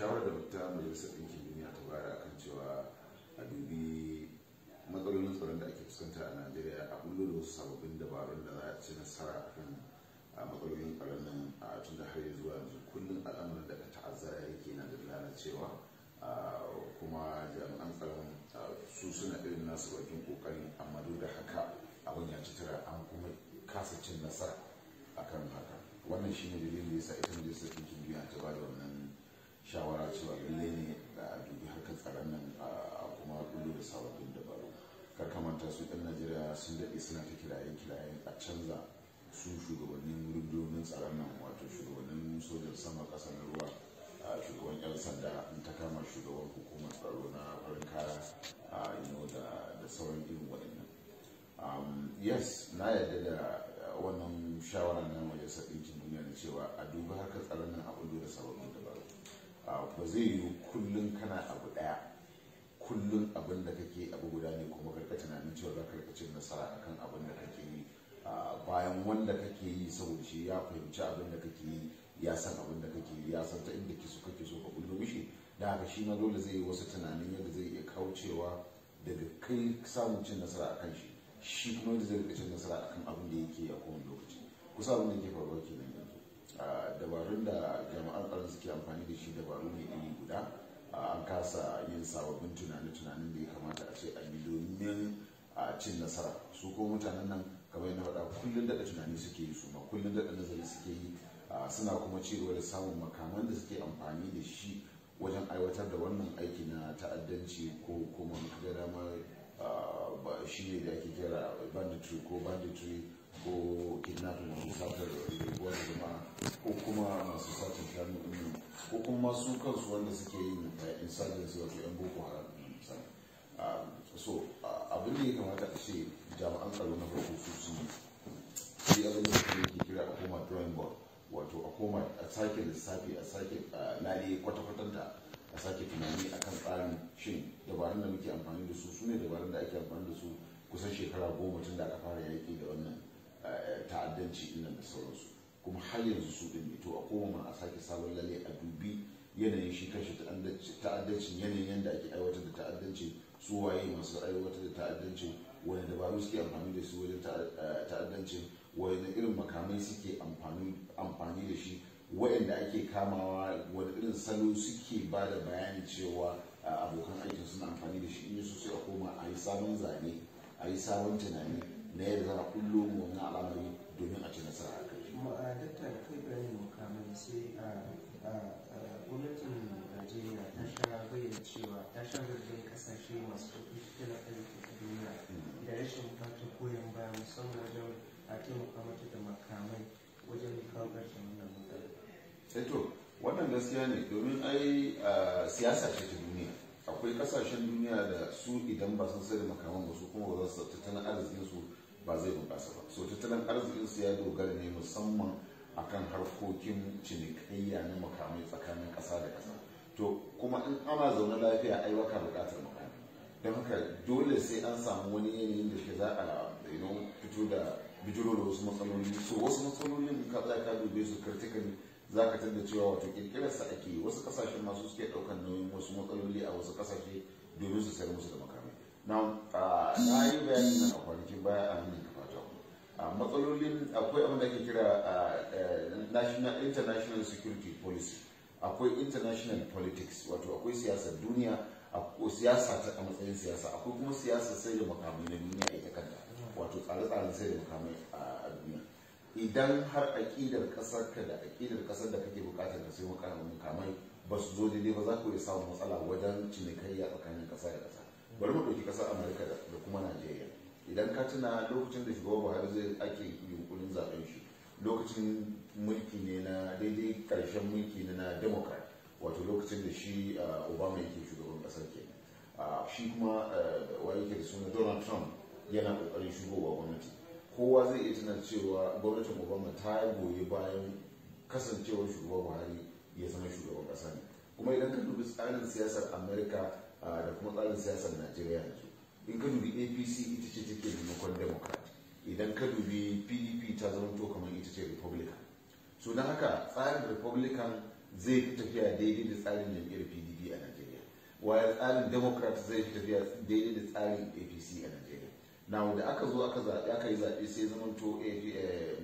shawarar da ta majalisar ɗinkin duniya ta bayar akan cewa a dubi matsalolin tsaron da ake fuskanta a najeriya a kullum da wasu sababbin dabarun da za a ci nasara kan matsalolin tsaron nan a tun da har zuwa yanzu kullum al'amarin da ta'azzara yake na da lalacewa kuma jami'an tsaron su suna irin nasu bakin kokarin amma duk da haka abin ya ci tara an kuma kasa cin nasara akan haka wannan shine dalilin da yasa ita majalisar ɗinkin duniya ta ba da wannan shawara cewa lallai ne da a dubi harkar tsaron nan a kuma kullu da sababbin dabaru kamanta su yan najeriya sun daɗe suna ta kiraye kiraye a canza su shugabannin rundunonin tsaron nan wato shugabannin sojan sama ƙasa na ruwa shugaban yan sanda in ta kama shugaban hukumar tsaro na farin kaya a ino da sauran irin waɗannan um, yes na yarda da wannan shawara na majalisar ɗinkin duniya na cewa a duba harkar tsaron nan a kullu da sababbin dabaru ba zai yiwu kullum kana abu daya kullum abin da kake abu guda ne kuma karka tunanin cewa za ka rika cin nasara akan abin da kake yi bayan wanda kake yi saboda shi ya fahimci abin da kake yi ya san abin da kake yi ya san ta inda kiso kake so ka bullo mishi da haka shi na dole zai yi wasu tunanin yadda zai iya kaucewa daga kai samun cin nasara akan shi shi kuma yadda zai rika cin nasara akan abin da yake a kowane lokaci kusa abin da ke faruwa kenan yanzu dabarun da suke amfani da shi dabaru ne iri guda an kasa yin sababbin tunanin tunanin da ya kamata a ce a yi domin a cin nasara su ko mutanen nan kamar na faɗa kullum daɗa tunani suke yi su ma kullum daɗa nazari suke yi suna kuma cewa da samun makaman da suke amfani da shi wajen aiwatar da wannan aiki na ta'addanci ko kuma ga dama shi ne da ake kira banditry ko banditry ko kidnapping masu satar riguwar jama'a ko kuma masu satar shanu ɗin ko kuma masu kansu wanda suke yin eh, insurgency wato yan boko haram ah, so ah, abin da ya kamata a ce jami'an tsaro na farko su su shi abin da suke yake kira a koma drawing board wato a koma a sake lissafi a sake ah, lare kwata da a sake tunani akan tsarin shin dabarun da muke amfani da su su ne dabarun da ake amfani da su kusan shekara goma tun da aka fara yaƙi ta'addanci ina da sauransu kuma har yanzu su din to a koma a sake sabon lalle a dubi yanayin shi kanshi ta'addancin yanayin yadda ake aiwatar da ta'addancin su waye masu aiwatar da ta'addancin wani dabaru suke amfani da su wajen ta'addancin wani irin makamai suke amfani da shi waɗanda ake kamawa wani irin salo suke ba da bayani cewa abokan aikin suna amfani da shi in yi su sai a koma a yi sabon zane a yi sabon tunani na yadda za a kullo mu na al'amari domin a ci nasara a kai. Ma'adatta eh, kai bayan mukamman sai a eh, eh, gwamnatin Najeriya ta sha bayyana cewa ta sha zargin kasashe masu kuɗi tattalin arziki duniya da rashin fata koyon baya musamman wajen a taimaka mata da makamai wajen kawo ƙarshen wannan matsala. wannan gaskiya ne domin ai siyasa ce ta duniya. akwai kasashen duniya da su idan ba sun sai da makaman ba su kuma ba za su tattalin arzikin su ba zai bunƙasa ba so tattalin arzikin su ya dogara ne musamman a kan harkokin cinikayya na makamai tsakanin kasa da kasa to kuma in ana zaune lafiya ai baka buƙatar makami don haka dole sai an samu wani yanayin da shi za a fito da bijiro da wasu matsaloli so wasu matsalolin ka tsaya ka dube su kartikali za ka tadda cewa wato sa ake wasu kasashen masu suke daukan nauyin wasu matsaloli a wasu kasashe domin su sayar musu da makamai na yi bayani na a kwanakin baya a hannun kafa matsalolin akwai abin da ake kira national international security policy akwai international politics wato akwai siyasar duniya akwai siyasa ta a matsayin siyasa akwai kuma siyasar sai da makamai na duniya ita kanta wato tsare-tsaren sai da makamai a duniya idan har aƙidar ƙasar ka da aƙidar ƙasar da kake buƙatar ka sayo kamai ba su zo daidai ba za ku iya samun matsala wajen cinikayya tsakanin ƙasa da ƙasa bari mu ɗauki ƙasar amurka da kuma najeriya idan ka tuna lokacin da shugaba buhari zai ake yunkurin zaben shi lokacin mulki ne na daidai ƙarshen mulki ne na democrat wato lokacin da shi ah, obama yake shugaban ƙasar kenan ah, shi kuma ah, wa yake da suna donald trump yana ƙoƙarin shugowa gwamnati kowa zai iya tuna cewa gwamnatin obama ta goyi bayan kasancewar shugaban buhari ya zama shugaban kasa ne kuma idan ka dubi tsarin siyasar amerika da kuma tsarin siyasar najeriya yanzu in ka dubi apc ita ce take maimakon democrat idan ka dubi pdp ta zama to kamar ita ce republican so na haka tsarin republican zai fi tafiya daidai da tsarin jam'iyyar pdp a najeriya waya tsarin democrat zai fi tafiya daidai da tsarin apc a najeriya na wanda aka zo aka zaɓe aka yi zaɓe sai zama to eh, eh,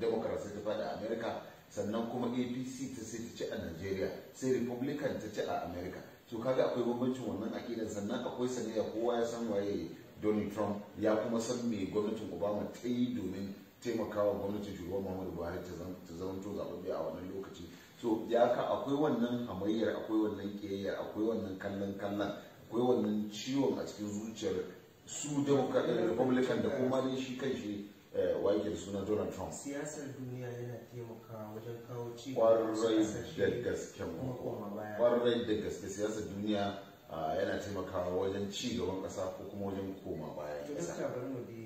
democrat sai ta fada america sannan kuma apc ta sai ta ci a nigeria sai republican ta ci a america to kaga akwai bambancin wannan akidan sannan akwai sanayya kowa ya san waye donald trump ya kuma san me gwamnatin obama ta yi domin taimakawa gwamnatin shugaban muhammadu buhari ta zama to zaɓaɓɓe a wannan lokaci so ya ka akwai wannan hamayyar akwai wannan ƙiyayyar akwai wannan kallon kallon akwai wannan ciwon a cikin zuciyar su republican da kuma ne shi kan shi eh, wake suna donald trump siyasar duniya yana taimakawa wajen kawo ci da gaske kwarai da gaske siyasar duniya ah, yana taimakawa wajen ci gaban kasa ko kuma wajen koma baya kasa